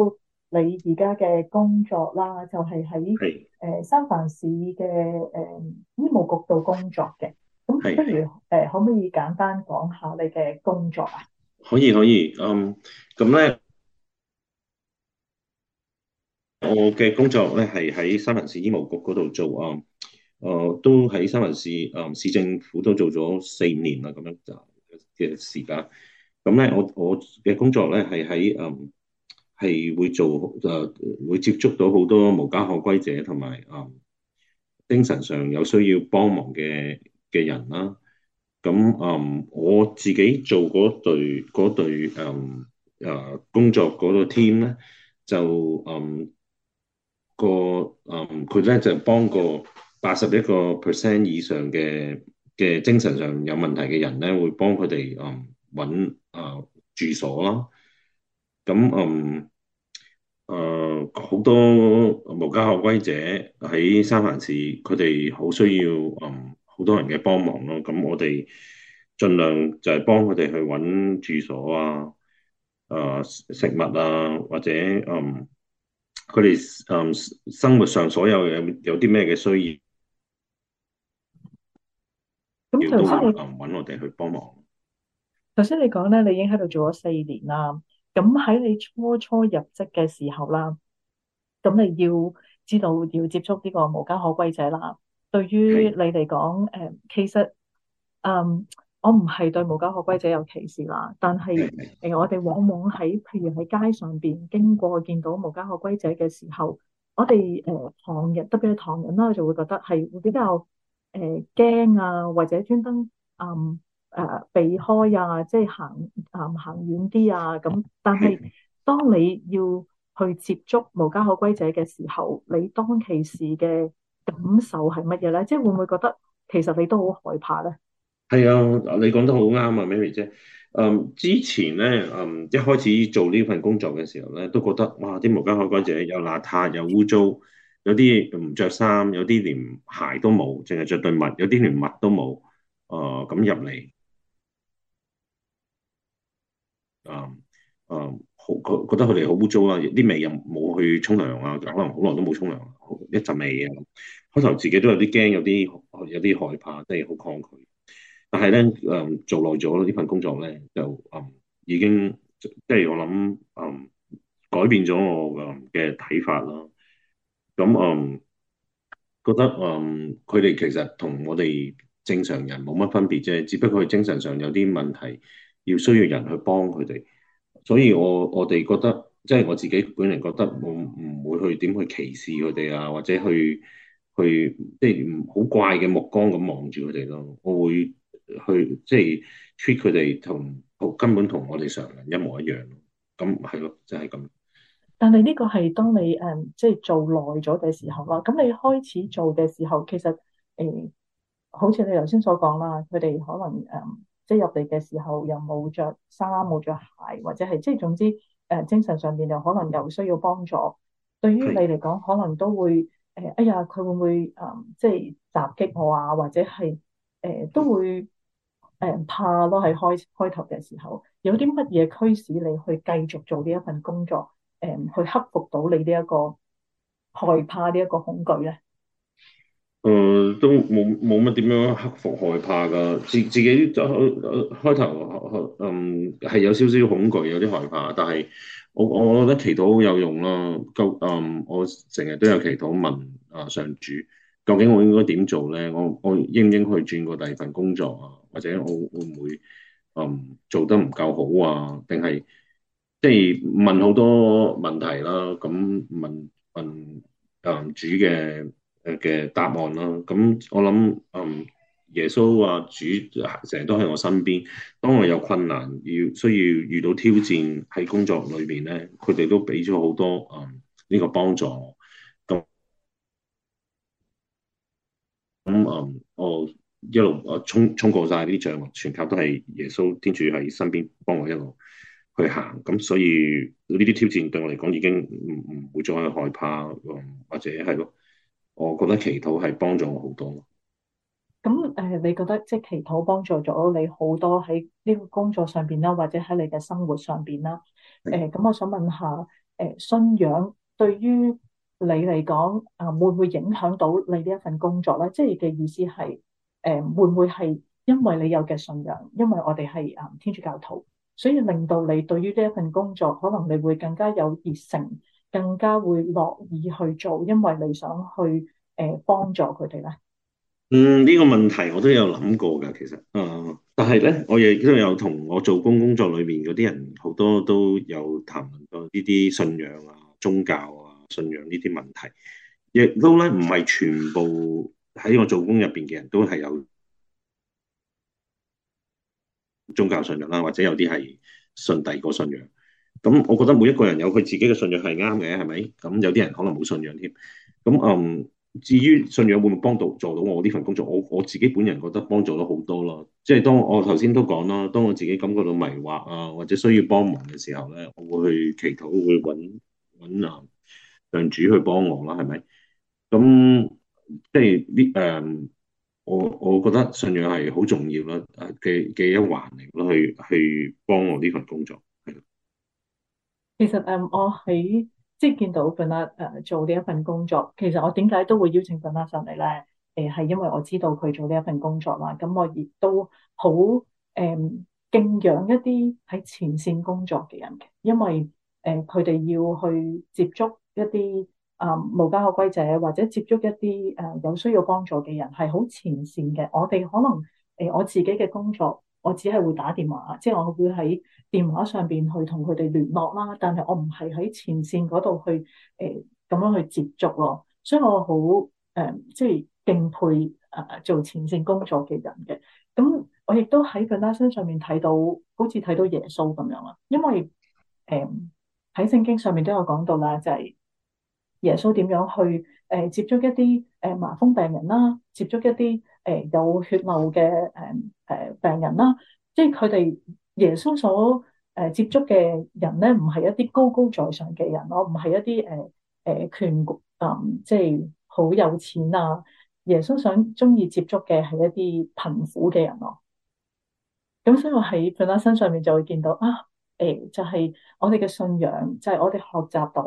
你而家嘅工作啦，就係喺誒三藩市嘅誒醫務局度工作嘅。咁不如誒，可唔可以簡單講下你嘅工作啊？可以可以。嗯，咁咧，我嘅工作咧係喺三藩市醫務局嗰度做啊。誒、呃，都喺三藩市誒市政府都做咗四年啦，咁樣就嘅時間。咁咧、嗯，我我嘅工作咧係喺嗯，係會做誒、啊，會接觸到好多無家可歸者同埋嗯，精神上有需要幫忙嘅嘅人啦、啊。咁嗯，我自己做嗰隊嗰隊誒誒工作嗰個 team 咧，就嗯個嗯佢咧就幫個八十一個 percent 以上嘅嘅精神上有問題嘅人咧，會幫佢哋嗯揾。啊、呃，住所啦，咁嗯，誒、呃，好多無家可歸者喺三藩市，佢哋好需要嗯，好多人嘅幫忙咯。咁、嗯、我哋盡量就係幫佢哋去揾住所啊，誒、呃，食物啊，或者嗯，佢哋嗯生活上所有嘅有啲咩嘅需要，咁就都係揾我哋去幫忙。首先你講咧，你已經喺度做咗四年啦。咁喺你初初入職嘅時候啦，咁你要知道要接觸呢個無家可歸者啦。對於你嚟講，誒其實，嗯，我唔係對無家可歸者有歧視啦。但係誒，我哋往往喺譬如喺街上邊經過見到無家可歸者嘅時候，我哋誒唐人，特別係唐人啦，就會覺得係會比較誒驚、呃、啊，或者專登嗯。誒、啊、避開啊，即係行行行遠啲啊咁。但係當你要去接觸無家可歸者嘅時候，你當其時嘅感受係乜嘢咧？即係會唔會覺得其實你都好害怕咧？係啊，你講得好啱啊，Mary 姐。誒、嗯，之前咧，誒、嗯、一開始做呢份工作嘅時候咧，都覺得哇，啲無家可歸者有邋遢又污糟，有啲唔着衫，有啲連鞋都冇，淨係着對襪，有啲連襪都冇。誒咁入嚟。嗯，誒、嗯，好覺覺得佢哋好污糟啊，啲味又冇去沖涼啊，可能好耐都冇沖涼，一陣味啊。開頭自己都有啲驚，有啲有啲害怕，即係好抗拒。但係咧，誒、嗯，做耐咗呢份工作咧，就嗯已經即係、就是、我諗，嗯，改變咗我嘅睇法啦。咁嗯，覺得嗯佢哋其實同我哋正常人冇乜分別啫，只不過佢精神上有啲問題。要需要人去幫佢哋，所以我我哋覺得，即係我自己本人覺得我，我唔會去點去歧視佢哋啊，或者去去即係好怪嘅目光咁望住佢哋咯。我會去即係 treat 佢哋同根本同我哋常人一模一樣，啊，咁係咯，就係咁。但係呢個係當你誒即係做耐咗嘅時候啦，咁你開始做嘅時候，其實誒，嗯，好似你頭先所講啦，佢哋可能誒。嗯即係入嚟嘅時候又冇着衫冇着鞋，或者係即係總之誒、呃、精神上邊又可能又需要幫助。對於你嚟講，可能都會誒、呃、哎呀佢會唔會誒、呃、即係襲擊我啊？或者係誒、呃、都會誒、呃、怕咯。喺開開頭嘅時候，有啲乜嘢驅使你去繼續做呢一份工作？誒、呃、去克服到你呢一個害怕呢一個恐懼咧？誒、呃，都冇冇乜點樣克服害怕㗎，自自己就開開頭，嗯，係有少少恐懼，有啲害怕。但係我我覺得祈禱好有用咯、啊。咁，嗯，我成日都有祈禱問啊，上主究竟我應該點做咧？我我應唔應去轉過第二份工作啊，或者我，我會唔會嗯做得唔夠好啊？定係即係問好多問題啦、啊。咁問問、嗯、主嘅。誒嘅答案啦，咁我諗，嗯，耶穌話、啊、主成日都喺我身邊。當我有困難，要需要遇到挑戰喺工作裏邊咧，佢哋都俾咗好多，嗯呢、這個幫助。咁、嗯、咁、嗯，嗯，我一路我、啊、衝衝過晒呢啲障礙，全靠都係耶穌天主喺身邊幫我一路去行。咁所以呢啲挑戰對我嚟講已經唔唔會再害怕，嗯、或者係咯。我覺得祈禱係幫助我好多。咁誒，你覺得即係祈禱幫助咗你好多喺呢個工作上邊啦，或者喺你嘅生活上邊啦？誒的，咁、呃、我想問下，誒、呃，信仰對於你嚟講啊，會唔會影響到你呢一份工作咧？即係嘅意思係，誒、呃，會唔會係因為你有嘅信仰，因為我哋係誒天主教徒，所以令到你對於呢一份工作，可能你會更加有熱誠。更加會樂意去做，因為你想去誒幫助佢哋咧。嗯，呢個問題我都有諗過㗎，其實，嗯，但係咧，我亦都有同我做工工作裏面嗰啲人，好多都有談論過呢啲信仰啊、宗教啊、信仰呢啲問題，亦都咧唔係全部喺我做工入邊嘅人都係有宗教信仰啦、啊，或者有啲係信第二個信仰。咁，我覺得每一個人有佢自己嘅信仰係啱嘅，係咪？咁有啲人可能冇信仰添。咁嗯，至於信仰會唔會幫到做到我呢份工作？我我自己本人覺得幫助咗好多咯。即係當我頭先都講啦，當我自己感覺到迷惑啊，或者需要幫忙嘅時候咧，我會去祈禱，會去揾揾啊上主去幫我啦，係咪？咁即係呢誒，我我覺得信仰係好重要啦，嘅嘅一環嚟咯，去去幫我呢份工作。其實誒，我喺即係見到 Vanessa 做呢一份工作。其實我點解都會邀請 Vanessa 上嚟咧？誒、呃、係因為我知道佢做呢一份工作啦。咁我亦都好誒、呃、敬仰一啲喺前線工作嘅人嘅，因為誒佢哋要去接觸一啲啊、呃、無家可歸者，或者接觸一啲誒、呃、有需要幫助嘅人，係好前線嘅。我哋可能誒、呃、我自己嘅工作，我只係會打電話，即係我會喺。電話上邊去同佢哋聯絡啦，但係我唔係喺前線嗰度去誒咁、呃、樣去接觸咯，所以我好誒、呃、即係敬佩誒做前線工作嘅人嘅。咁、嗯、我亦都喺佢拉身上面睇到，好似睇到耶穌咁樣啊，因為誒喺、呃、聖經上面都有講到啦，就係、是、耶穌點樣去誒、呃、接觸一啲誒、呃、麻風病人啦、啊，接觸一啲誒、呃、有血漏嘅誒誒病人啦、啊，即係佢哋。耶穌所誒接觸嘅人咧，唔係一啲高高在上嘅人咯，唔係一啲誒誒權國、呃、即係好有錢啊！耶穌想中意接觸嘅係一啲貧苦嘅人咯、啊。咁所以我喺佢拉身上面就會見到啊，誒、呃、就係、是、我哋嘅信仰，就係、是、我哋學習到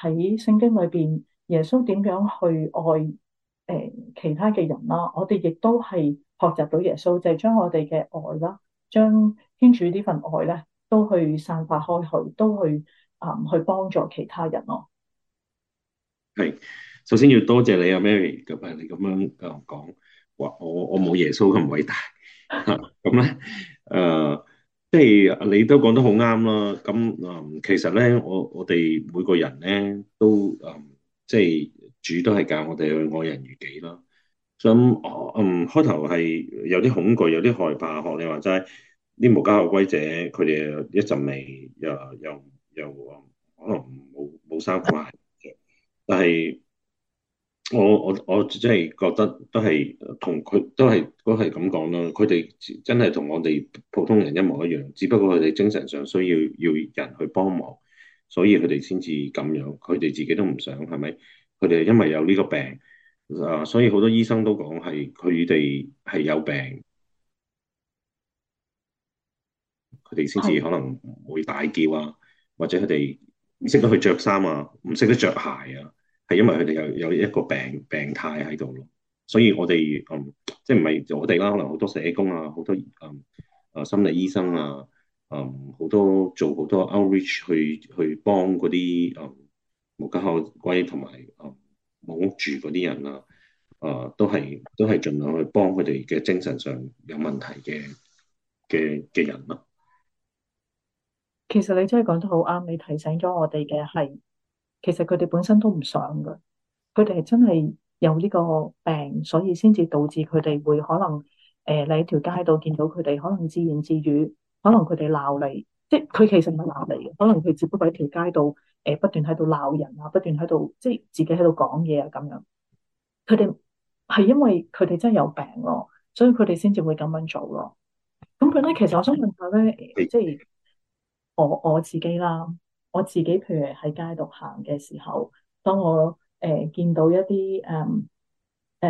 喺聖經裏邊耶穌點樣去愛誒、呃、其他嘅人啦、啊。我哋亦都係學習到耶穌就係、是、將我哋嘅愛啦。將天主呢份愛咧，都去散發開去，都去啊、嗯，去幫助其他人咯。係，首先要多謝你啊，Mary，咁啊、 *laughs* 嗯 *laughs* 嗯，你咁樣啊講話，我我冇耶穌咁偉大，咁咧誒，即係你都講得好啱啦。咁啊、嗯，其實咧，我我哋每個人咧都啊，即、嗯、係、就是、主都係教我哋去愛人如己咯。咁，嗯，開頭係有啲恐懼，有啲害怕。學你話齋，啲無家可歸者，佢哋一陣味，又又又可能冇冇衫著，但係我我我真係覺得都係同佢都係都係咁講咯。佢哋真係同我哋普通人一模一樣，只不過佢哋精神上需要要人去幫忙，所以佢哋先至咁樣。佢哋自己都唔想，係咪？佢哋因為有呢個病。啊！所以好多醫生都講係佢哋係有病，佢哋先至可能會大叫啊，或者佢哋唔識得去着衫啊，唔識得着鞋啊，係因為佢哋有有一個病病態喺度咯。所以我哋嗯，即係唔係我哋啦，可能好多社工啊，好多嗯啊心理醫生啊，嗯好多做好多 outreach 去去幫嗰啲嗯無家可歸同埋、嗯冇屋住嗰啲人啊，啊，都係都係盡量去幫佢哋嘅精神上有問題嘅嘅嘅人咯。其實你真係講得好啱，你提醒咗我哋嘅係，其實佢哋本身都唔想噶，佢哋係真係有呢個病，所以先至導致佢哋會可能誒，喺、呃、你條街度見到佢哋可能自言自語，可能佢哋鬧你。即係佢其實唔係鬧你嘅，可能佢只不過喺條街度誒不斷喺度鬧人啊，不斷喺度即係自己喺度講嘢啊咁樣。佢哋係因為佢哋真係有病咯，所以佢哋先至會咁樣做咯。咁佢咧，其實我想問下咧，即係我我自己啦，我自己譬如喺街度行嘅時候，當我誒、呃、見到一啲誒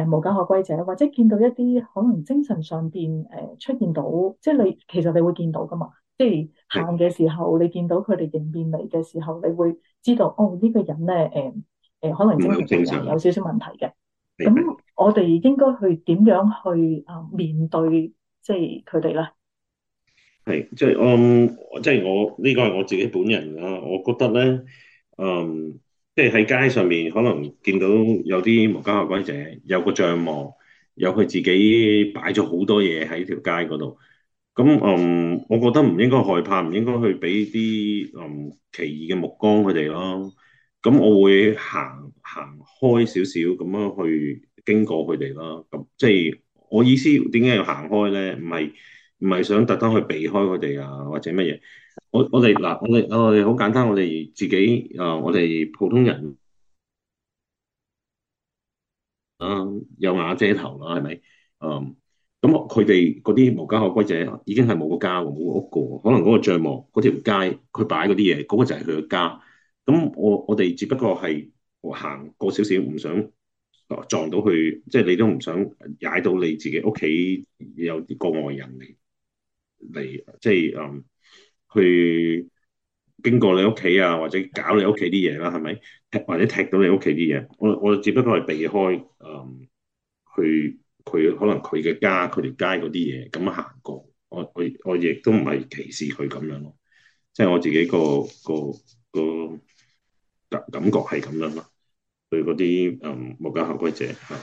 誒無家可歸者，或者見到一啲可能精神上邊誒、呃、出現到，即係你其實你會見到㗎嘛？即係喊嘅時候，是的 你見到佢哋迎面嚟嘅時候，你會知道哦呢、呢個人咧，誒誒，可能精神有少少問題嘅。咁的我哋應該去點樣去啊面對即係佢哋咧？係即係，嗯，即、就、係、是、我呢個係我自己本人啊。我覺得咧，嗯，即係喺街上面可能見到有啲無家可歸者，有個帳幕，有佢自己擺咗好多嘢喺條街嗰度。咁嗯，我覺得唔應該害怕，唔應該去俾啲嗯奇異嘅目光佢哋咯。咁、嗯、我會行行開少少，咁樣去經過佢哋咯。咁、嗯、即係我意思，點解要行開咧？唔係唔係想特登去避開佢哋啊，或者乜嘢？我我哋嗱，我哋我哋好簡單，我哋自己啊，我哋普通人啊，有瓦遮頭啦，係咪？嗯。咁佢哋嗰啲無家可歸者已經係冇個家，冇個屋過。可能嗰個帳幕，嗰條街佢擺嗰啲嘢，嗰個就係佢嘅家。咁我我哋只不過係行個少少，唔想撞到佢，即係你都唔想踩到你自己屋企有個外人嚟嚟，即係嗯去經過你屋企啊，或者搞你屋企啲嘢啦，係咪？踢或者踢到你屋企啲嘢，我我只不過係避開嗯去。佢可能佢嘅家，佢條街嗰啲嘢咁行過，我我我亦都唔係歧視佢咁樣咯，即係我自己個個個感感覺係咁樣咯。對嗰啲誒、冇家可歸者吓，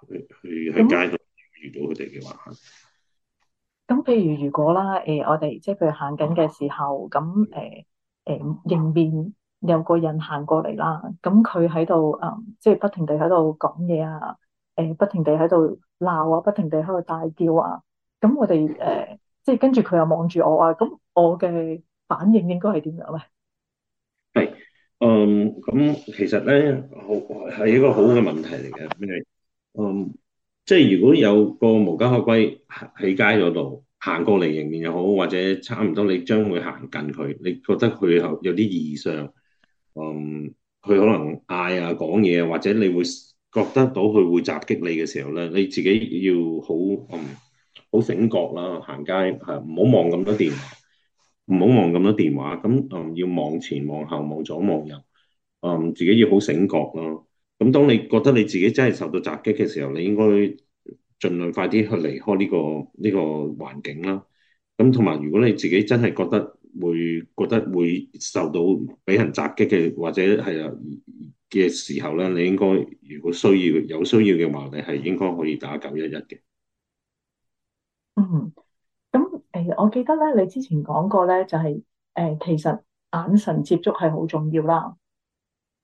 佢佢喺街度遇到佢哋嘅話，咁譬那、嗯、如如果啦，誒、呃，我哋即係佢行緊嘅時候，咁誒誒、迎、呃、面、呃、有個人行過嚟啦，咁佢喺度誒、即、嗯、係、就是、不停地喺度講嘢啊。誒、欸，不停地喺度鬧啊，不停地喺度大叫啊，咁我哋誒，即係跟住佢又望住我啊，咁我嘅反應應該係點樣咧？係，嗯，咁、嗯、其實咧，好係一個好嘅問題嚟嘅，嗯，即係如果有個無家可歸喺街嗰度行過嚟迎面又好，或者差唔多你將會行近佢，你覺得佢有有啲異常，嗯，佢可能嗌啊講嘢，或者你會。覺得到佢會襲擊你嘅時候咧，你自己要好嗯，好醒覺啦，行街係唔好望咁多電話，唔好望咁多電話，咁，嗯，要望前望後望左望右，嗯，自己要好醒覺咯。咁當你覺得你自己真係受到襲擊嘅時候，你應該盡量快啲去離開呢個呢個環境啦。咁同埋如果你自己真係覺得，會覺得會受到俾人襲擊嘅，或者係啊嘅時候咧，你應該如果需要有需要嘅話，你係應該可以打九一一嘅。嗯，咁誒、呃，我記得咧，你之前講過咧，就係、是、誒、呃，其實眼神接觸係好重要啦。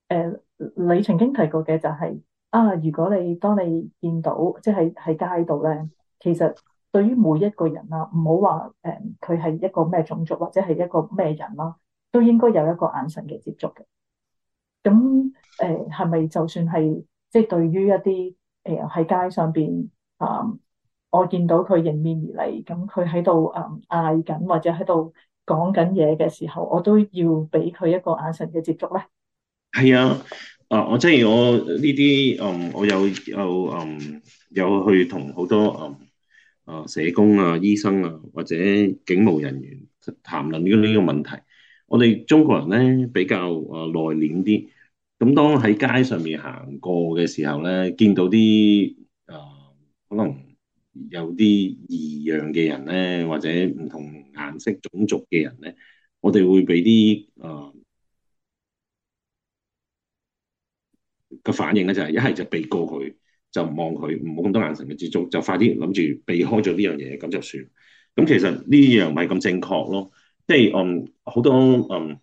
誒、呃，你曾經提過嘅就係、是、啊，如果你當你見到即係喺街度咧，其實。對於每一個人啦，唔好話誒，佢係一個咩種族或者係一個咩人啦，都應該有一個眼神嘅接觸嘅。咁誒係咪就算係即係對於一啲誒喺街上邊啊、呃，我見到佢迎面而嚟，咁佢喺度啊嗌緊或者喺度講緊嘢嘅時候，我都要俾佢一個眼神嘅接觸咧？係啊，啊，我即係我呢啲嗯，我有、呃、有嗯、呃、有去同好多嗯。呃啊，社工啊，醫生啊，或者警務人員談論呢個呢個問題。我哋中國人咧比較啊內斂啲。咁當喺街上面行過嘅時候咧，見到啲啊、呃、可能有啲異樣嘅人咧，或者唔同顏色種族嘅人咧，我哋會俾啲啊嘅反應咧、就是，就係一係就避過佢。就唔望佢，唔好咁多眼神去接觸，就快啲諗住避開咗呢樣嘢，咁就算。咁其實呢樣唔係咁正確咯，即係嗯好多嗯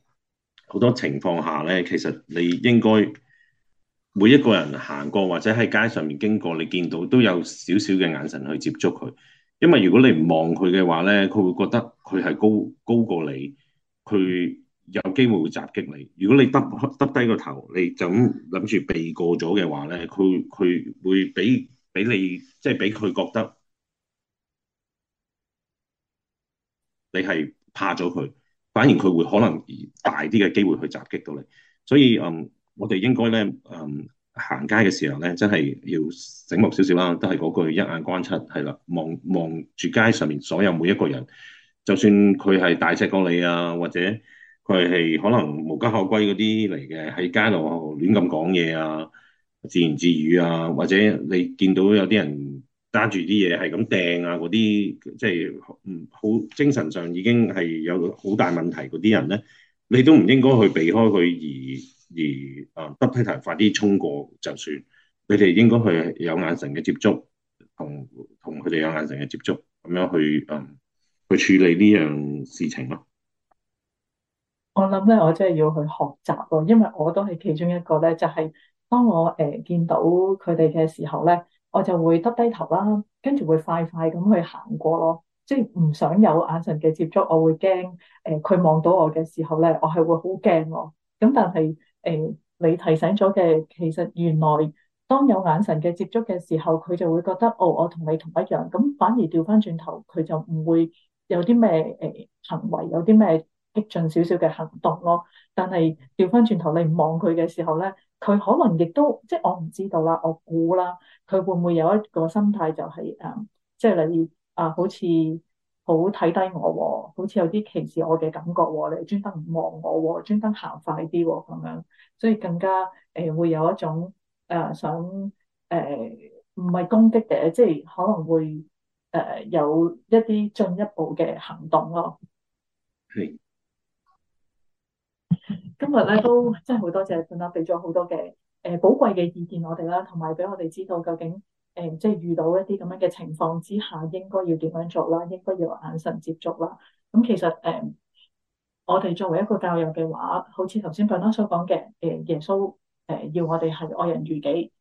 好多情況下咧，其實你應該每一個人行過或者喺街上面經過，你見到都有少少嘅眼神去接觸佢，因為如果你唔望佢嘅話咧，佢會覺得佢係高高過你，佢。有機會會襲擊你。如果你耷耷低個頭，你就咁諗住避過咗嘅話咧，佢佢會俾俾你，即係俾佢覺得你係怕咗佢。反而佢會可能以大啲嘅機會去襲擊到你。所以嗯，我哋應該咧，嗯，行街嘅時候咧，真係要醒目少少啦。都係嗰句「一眼觀察」，係啦，望望住街上面所有每一個人，就算佢係大隻過你啊，或者～佢係可能無家可歸嗰啲嚟嘅，喺街度亂咁講嘢啊，自言自語啊，或者你見到有啲人揸住啲嘢係咁掟啊，嗰啲即係唔好精神上已經係有好大問題嗰啲人咧，你都唔應該去避開佢而而啊，得批頭快啲衝過就算。你哋應該去有眼神嘅接觸，同同佢哋有眼神嘅接觸，咁樣去嗯去處理呢樣事情咯。我諗咧，我真係要去學習咯，因為我都係其中一個咧，就係當我誒見到佢哋嘅時候咧，我就會耷低頭啦，跟住會快快咁去行過咯，即係唔想有眼神嘅接觸，我會驚誒佢望到我嘅時候咧，我係會好驚咯。咁但係誒你提醒咗嘅，其實原來當有眼神嘅接觸嘅時候，佢就會覺得哦，我同你同一樣，咁反而調翻轉頭，佢就唔會有啲咩誒行為，有啲咩激進少少嘅行動咯，但係調翻轉頭，你唔望佢嘅時候咧，佢可能亦都即係我唔知道啦，我估啦，佢會唔會有一個心態就係、是、誒、嗯，即係你啊，好似好睇低我喎，好似有啲歧視我嘅感覺喎，你專登唔望我喎，專登行快啲喎咁樣，所以更加誒、呃、會有一種誒、呃、想誒唔係攻擊嘅，即係可能會誒、呃、有一啲進一步嘅行動咯。係。今日咧都真係好多謝貝拉俾咗好多嘅、誒寶貴嘅意見我哋啦，同埋俾我哋知道究竟誒、呃、即係遇到一啲咁樣嘅情況之下，應該要點樣做啦，應該要眼神接觸啦。咁、嗯、其實誒、呃，我哋作為一個教友嘅話，好似頭先貝拉所講嘅，誒、呃、耶穌誒、呃、要我哋係愛人如己，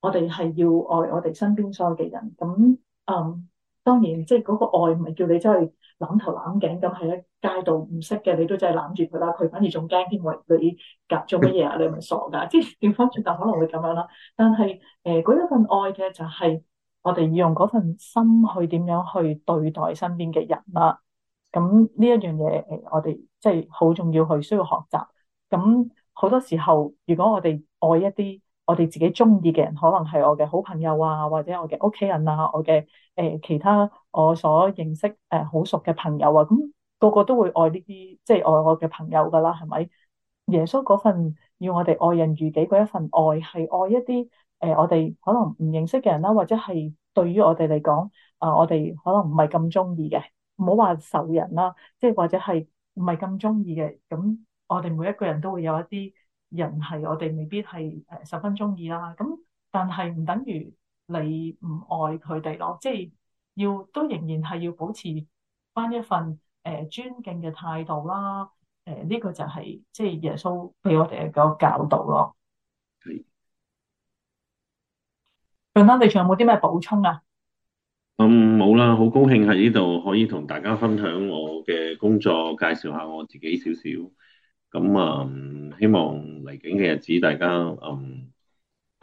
我哋係要愛我哋身邊所有嘅人。咁嗯，當然即係嗰個愛，唔係叫你真係。攬頭攬頸咁喺街度唔識嘅，你都真係攬住佢啦。佢反而仲驚添，為你夾做乜嘢啊？你係咪傻噶，即係調翻轉頭，可能會咁樣啦。但係誒，嗰、呃、一份愛嘅就係我哋要用嗰份心去點樣去對待身邊嘅人啦。咁呢一樣嘢誒，我哋即係好重要去需要學習。咁好多時候，如果我哋愛一啲我哋自己中意嘅人，可能係我嘅好朋友啊，或者我嘅屋企人啊，我嘅誒、呃、其他。我所認識誒好熟嘅朋友啊，咁個個都會愛呢啲，即係愛我嘅朋友噶啦，係咪？耶穌嗰份要我哋愛人如己嗰一份愛，係愛一啲誒我哋可能唔認識嘅人啦，或者係對於我哋嚟講，啊我哋可能唔係咁中意嘅，唔好話仇人啦，即係或者係唔係咁中意嘅，咁我哋每一個人都會有一啲人係我哋未必係誒十分中意啦。咁但係唔等於你唔愛佢哋咯，即係。要都仍然係要保持翻一份誒、呃、尊敬嘅態度啦，誒、呃、呢、這個就係即係耶穌俾我哋嘅一個教導咯。係是，阿生你仲有冇啲咩補充啊？嗯，冇啦，好高興喺呢度可以同大家分享我嘅工作，介紹下我自己少少。咁啊、嗯，希望嚟緊嘅日子大家嗯，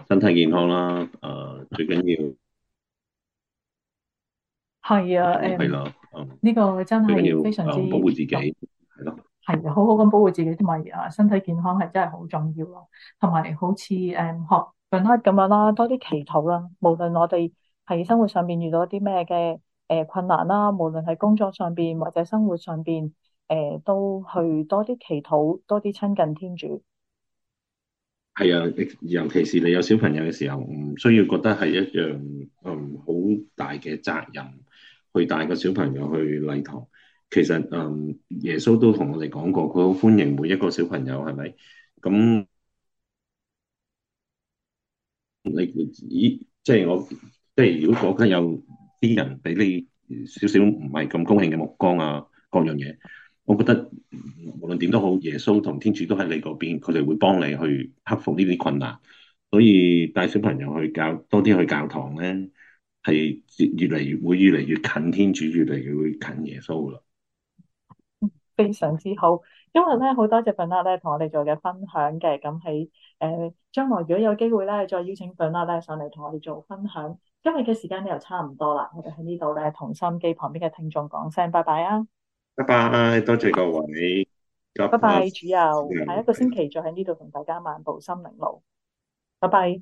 身體健康啦，誒、呃、最緊要。係啊，誒呢個真係要非常之保護自己，係咯，係好好咁保護自己，同埋啊，啊好好身體健康係真係好重要咯。同埋好似誒、嗯、學 relate 咁樣啦，多啲祈禱啦。無論我哋喺生活上邊遇到啲咩嘅誒困難啦，無論喺工作上邊或者生活上邊誒、呃，都去多啲祈禱，多啲親近天主。係啊，尤其是你有小朋友嘅時候，唔需要覺得係一樣嗯好大嘅責任。去帶個小朋友去禮堂，其實嗯耶穌都同我哋講過，佢好歡迎每一個小朋友，係咪？咁你咦，即係我即係如果嗰間有啲人俾你少少唔係咁高興嘅目光啊，各樣嘢，我覺得無論點都好，耶穌同天主都喺你嗰邊，佢哋會幫你去克服呢啲困難。所以帶小朋友去教，多啲去教堂咧。係越嚟越會越嚟越近天主，越嚟越會近耶穌啦。非常之好，因為咧好多謝粉客咧同我哋做嘅分享嘅，咁喺誒將來如果有機會咧，再邀請粉客咧上嚟同我哋做分享。今日嘅時間咧又差唔多啦，我哋喺呢度咧同心機旁邊嘅聽眾講聲拜拜啊，拜拜，多謝各位，拜拜，主佑要，主要下一個星期再喺呢度同大家漫步心靈路，拜拜。